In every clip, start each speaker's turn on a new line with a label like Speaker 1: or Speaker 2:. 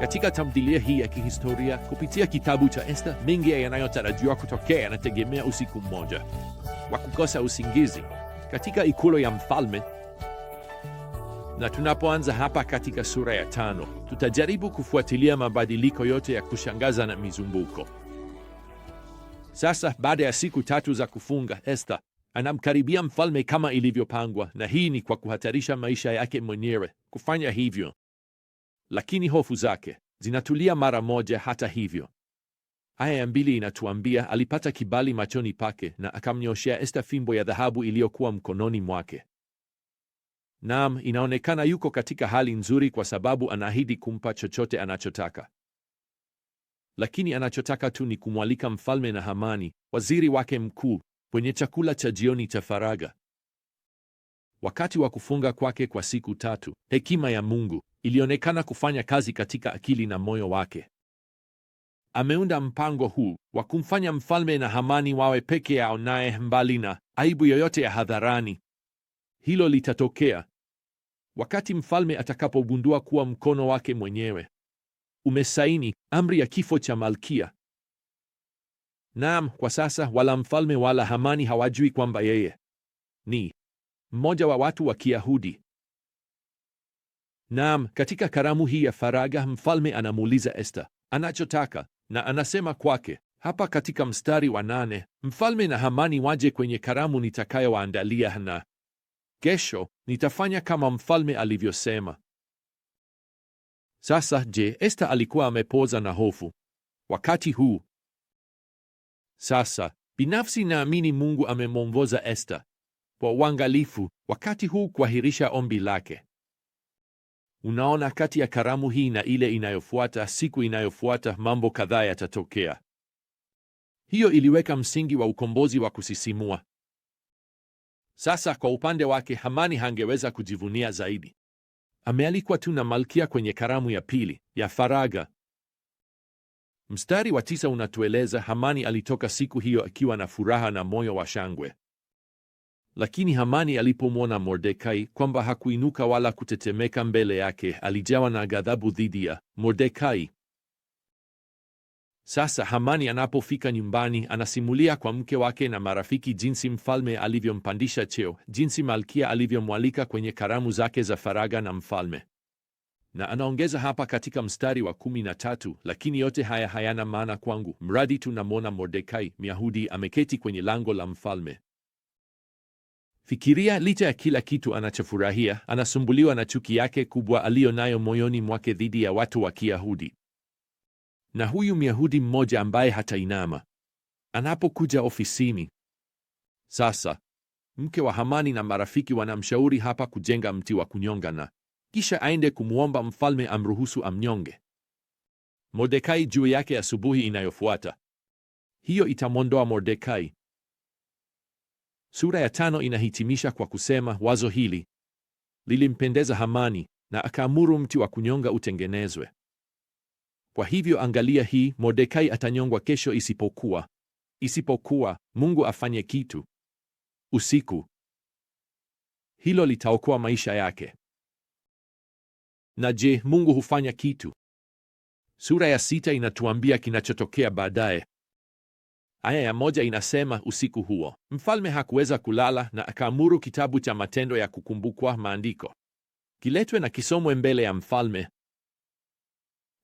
Speaker 1: Katika tamthilia hii ya kihistoria kupitia kitabu cha Esta, mengi yanayotarajiwa kutokea yanategemea usiku mmoja wa kukosa usingizi katika ikulu ya mfalme. Na tunapoanza hapa katika sura ya tano, tutajaribu kufuatilia mabadiliko yote ya kushangaza na mizumbuko. Sasa baada ya siku tatu za kufunga, Esta anamkaribia mfalme kama ilivyopangwa, na hii ni kwa kuhatarisha maisha yake mwenyewe kufanya hivyo lakini hofu zake zinatulia mara moja. Hata hivyo, aya ya mbili inatuambia alipata kibali machoni pake na akamnyoshea Esta fimbo ya dhahabu iliyokuwa mkononi mwake. Naam, inaonekana yuko katika hali nzuri kwa sababu anaahidi kumpa chochote anachotaka. Lakini anachotaka tu ni kumwalika mfalme na Hamani, waziri wake mkuu, kwenye chakula cha jioni cha faraga. Wakati wa kufunga kwake kwa siku tatu, hekima ya Mungu ilionekana kufanya kazi katika akili na moyo wake. Ameunda mpango huu wa kumfanya mfalme na Hamani wawe peke yao naye, mbali na aibu yoyote ya hadharani. Hilo litatokea wakati mfalme atakapogundua kuwa mkono wake mwenyewe umesaini amri ya kifo cha malkia. Naam, kwa sasa wala mfalme wala Hamani hawajui kwamba yeye ni mmoja wa watu wa Kiyahudi Naam, katika karamu hii ya faraga mfalme anamuuliza Esta anachotaka na anasema kwake. Hapa katika mstari wa nane, mfalme na Hamani waje kwenye karamu nitakayowaandalia na kesho nitafanya kama mfalme alivyosema. Sasa je, Esta alikuwa amepoza na hofu wakati huu? Sasa binafsi naamini Mungu amemwongoza Esta kwa uangalifu wakati huu kuahirisha ombi lake. Unaona, kati ya karamu hii na ile inayofuata, siku inayofuata, mambo kadhaa yatatokea. Hiyo iliweka msingi wa ukombozi wa kusisimua. Sasa kwa upande wake, Hamani hangeweza kujivunia zaidi. Amealikwa tu na malkia kwenye karamu ya pili ya faraga Mstari wa tisa unatueleza Hamani alitoka siku hiyo akiwa na furaha na moyo wa shangwe. Lakini Hamani alipomwona Mordekai kwamba hakuinuka wala kutetemeka mbele yake, alijawa na ghadhabu dhidi ya Mordekai. Sasa Hamani anapofika nyumbani, anasimulia kwa mke wake na marafiki jinsi mfalme alivyompandisha cheo, jinsi malkia alivyomwalika kwenye karamu zake za faraga na mfalme. Na anaongeza hapa katika mstari wa kumi na tatu, lakini yote haya hayana maana kwangu, mradi tunamwona Mordekai Myahudi ameketi kwenye lango la mfalme. Fikiria, licha ya kila kitu anachofurahia, anasumbuliwa na chuki yake kubwa aliyonayo moyoni mwake dhidi ya watu wa Kiyahudi. Na huyu Myahudi mmoja ambaye hatainama anapokuja ofisini. Sasa mke wa Hamani na marafiki wanamshauri hapa kujenga mti wa kunyonga na kisha aende kumwomba mfalme amruhusu amnyonge Mordekai juu yake asubuhi inayofuata. Hiyo itamwondoa Mordekai Sura ya tano inahitimisha kwa kusema wazo hili lilimpendeza Hamani na akaamuru mti wa kunyonga utengenezwe. Kwa hivyo angalia hii, Mordekai atanyongwa kesho isipokuwa isipokuwa Mungu afanye kitu usiku. Hilo litaokoa maisha yake. Na je, Mungu hufanya kitu? Sura ya sita inatuambia kinachotokea baadaye. Aya ya moja inasema, usiku huo mfalme hakuweza kulala, na akaamuru kitabu cha Matendo ya Kukumbukwa Maandiko kiletwe na kisomwe mbele ya mfalme.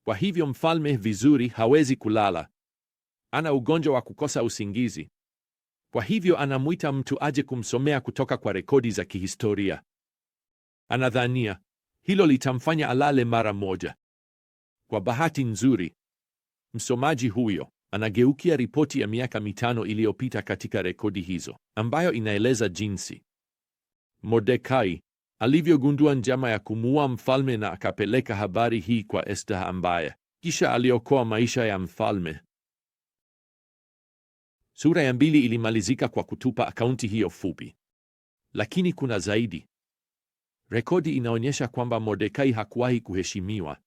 Speaker 1: Kwa hivyo mfalme, vizuri, hawezi kulala, ana ugonjwa wa kukosa usingizi. Kwa hivyo anamwita mtu aje kumsomea kutoka kwa rekodi za kihistoria. Anadhania hilo litamfanya alale mara moja. Kwa bahati nzuri, msomaji huyo Anageukia ripoti ya miaka mitano iliyopita katika rekodi hizo ambayo inaeleza jinsi Mordekai alivyogundua njama ya kumuua mfalme na akapeleka habari hii kwa Esta ambaye kisha aliokoa maisha ya mfalme. Sura ya mbili ilimalizika kwa kutupa akaunti hiyo fupi, lakini kuna zaidi. Rekodi inaonyesha kwamba Mordekai hakuwahi kuheshimiwa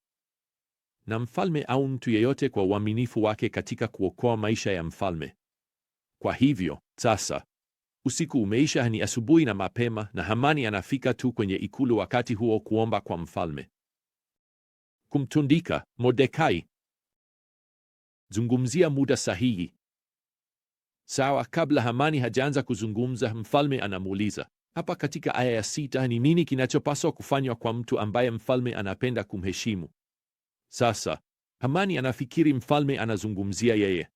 Speaker 1: na mfalme au mtu yeyote kwa uaminifu wake katika kuokoa maisha ya mfalme. Kwa hivyo sasa usiku umeisha, ni asubuhi na mapema, na Hamani anafika tu kwenye ikulu wakati huo kuomba kwa mfalme kumtundika Mordekai. Zungumzia muda sahihi. Sawa, kabla Hamani hajaanza kuzungumza, mfalme anamuuliza hapa katika aya ya sita, ni nini kinachopaswa kufanywa kwa mtu ambaye mfalme anapenda kumheshimu? Sasa Hamani anafikiri mfalme anazungumzia yeye.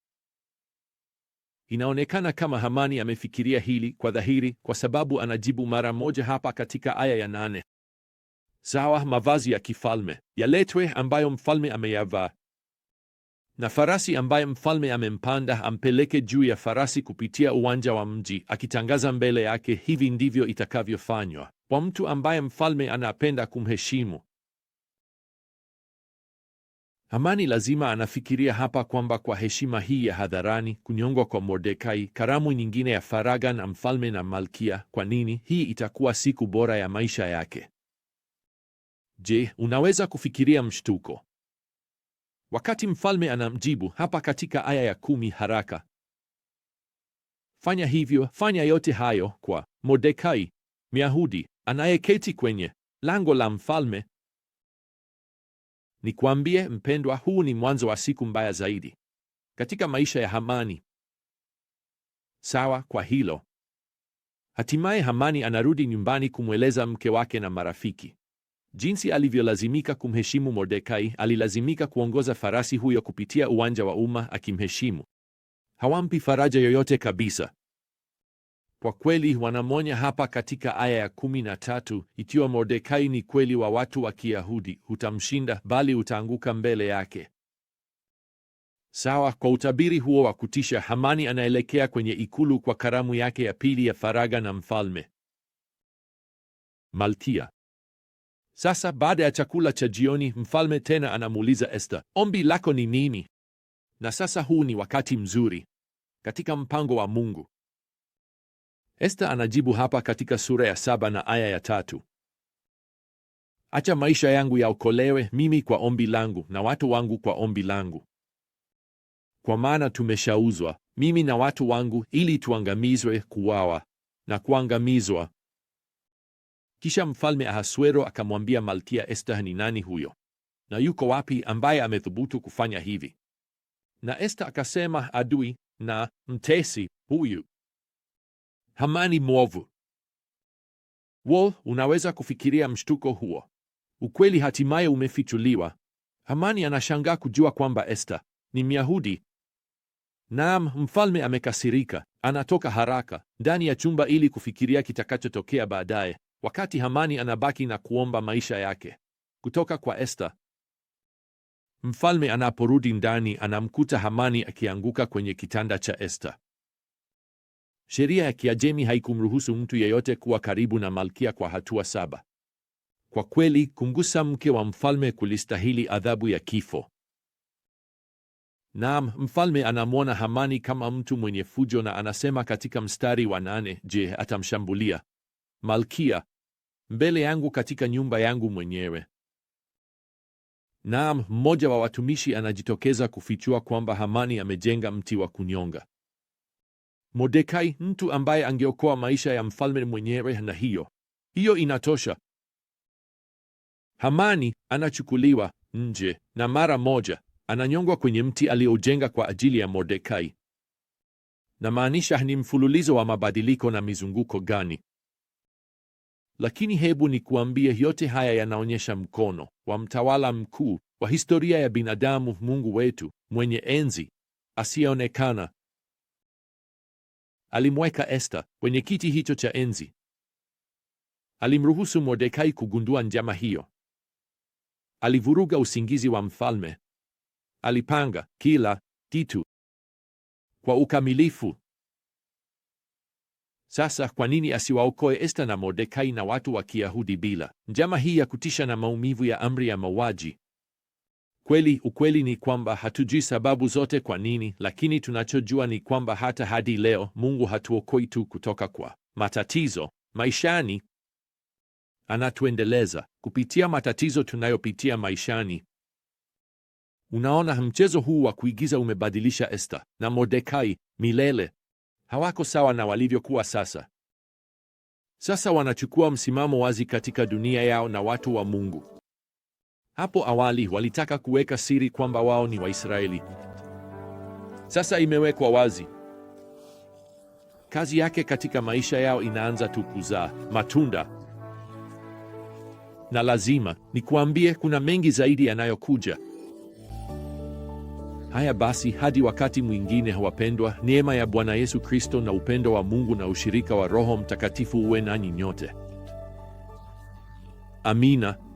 Speaker 1: Inaonekana kama Hamani amefikiria hili kwa dhahiri, kwa sababu anajibu mara moja hapa katika aya ya nane: sawa, mavazi ya kifalme yaletwe ambayo mfalme ameyavaa, na farasi ambaye mfalme amempanda ampeleke juu ya farasi kupitia uwanja wa mji, akitangaza mbele yake, hivi ndivyo itakavyofanywa kwa mtu ambaye mfalme anapenda kumheshimu. Hamani lazima anafikiria hapa kwamba kwa heshima hii ya hadharani, kunyongwa kwa Mordekai, karamu nyingine ya faraga na mfalme na malkia, kwa nini hii itakuwa siku bora ya maisha yake? Je, unaweza kufikiria mshtuko wakati mfalme anamjibu hapa katika aya ya kumi? Haraka fanya hivyo, fanya yote hayo kwa Mordekai Myahudi anayeketi kwenye lango la mfalme Nikwambie mpendwa, huu ni mwanzo wa siku mbaya zaidi katika maisha ya Hamani. Sawa kwa hilo. Hatimaye Hamani anarudi nyumbani kumweleza mke wake na marafiki jinsi alivyolazimika kumheshimu Mordekai. Alilazimika kuongoza farasi huyo kupitia uwanja wa umma akimheshimu. Hawampi faraja yoyote kabisa. Kwa kweli wanamwonya hapa katika aya ya kumi na tatu, ikiwa Mordekai ni kweli wa watu wa Kiyahudi, hutamshinda bali utaanguka mbele yake. Sawa. Kwa utabiri huo wa kutisha, Hamani anaelekea kwenye ikulu kwa karamu yake ya pili ya faraga na mfalme Malkia. Sasa baada ya chakula cha jioni, mfalme tena anamuuliza Esta, ombi lako ni nini? Na sasa huu ni wakati mzuri katika mpango wa Mungu Esta anajibu hapa katika sura ya saba na aya ya tatu. Acha maisha yangu yaokolewe mimi kwa ombi langu na watu wangu kwa ombi langu, kwa maana tumeshauzwa mimi na watu wangu ili tuangamizwe, kuwawa na kuangamizwa. Kisha mfalme Ahasuero akamwambia Malkia Esta, ni nani huyo na yuko wapi ambaye amethubutu kufanya hivi? Na Esta akasema, adui na mtesi huyu. Hamani mwovu. Wo, unaweza kufikiria mshtuko huo. Ukweli hatimaye umefichuliwa. Hamani anashangaa kujua kwamba Esta ni Myahudi. Naam, mfalme amekasirika. Anatoka haraka ndani ya chumba ili kufikiria kitakachotokea baadaye, wakati Hamani anabaki na kuomba maisha yake kutoka kwa Esta. Mfalme anaporudi ndani, anamkuta Hamani akianguka kwenye kitanda cha Esta. Sheria ya Kiajemi haikumruhusu mtu yeyote kuwa karibu na malkia kwa hatua saba. Kwa kweli, kumgusa mke wa mfalme kulistahili adhabu ya kifo. Naam, mfalme anamwona Hamani kama mtu mwenye fujo na anasema katika mstari wa nane, je, atamshambulia malkia mbele yangu katika nyumba yangu mwenyewe? Naam, mmoja wa watumishi anajitokeza kufichua kwamba Hamani amejenga mti wa kunyonga Mordekai, mtu ambaye angeokoa maisha ya mfalme mwenyewe, na hiyo hiyo inatosha. Hamani anachukuliwa nje na mara moja ananyongwa kwenye mti aliojenga kwa ajili ya Mordekai. Namaanisha, ni mfululizo wa mabadiliko na mizunguko gani! Lakini hebu nikuambie, yote haya yanaonyesha mkono wa mtawala mkuu wa historia ya binadamu, Mungu wetu mwenye enzi asiyeonekana alimweka Esta kwenye kiti hicho cha enzi. Alimruhusu Mordekai kugundua njama hiyo. Alivuruga usingizi wa mfalme. Alipanga kila kitu kwa ukamilifu. Sasa kwa nini asiwaokoe Esta na Mordekai na watu wa Kiyahudi bila njama hii ya kutisha na maumivu ya amri ya mauaji? Kweli, ukweli ni kwamba hatujui sababu zote kwa nini, lakini tunachojua ni kwamba hata hadi leo Mungu hatuokoi tu kutoka kwa matatizo maishani, anatuendeleza kupitia matatizo tunayopitia maishani. Unaona, mchezo huu wa kuigiza umebadilisha Esta na Mordekai milele. Hawako sawa na walivyokuwa sasa. Sasa wanachukua msimamo wazi katika dunia yao na watu wa Mungu. Hapo awali walitaka kuweka siri kwamba wao ni Waisraeli. Sasa imewekwa wazi. Kazi yake katika maisha yao inaanza tu kuzaa matunda. Na lazima nikuambie, kuna mengi zaidi yanayokuja. Haya basi, hadi wakati mwingine, wapendwa, neema ya Bwana Yesu Kristo na upendo wa Mungu na ushirika wa Roho Mtakatifu uwe nanyi nyote. Amina.